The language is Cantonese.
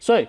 所以。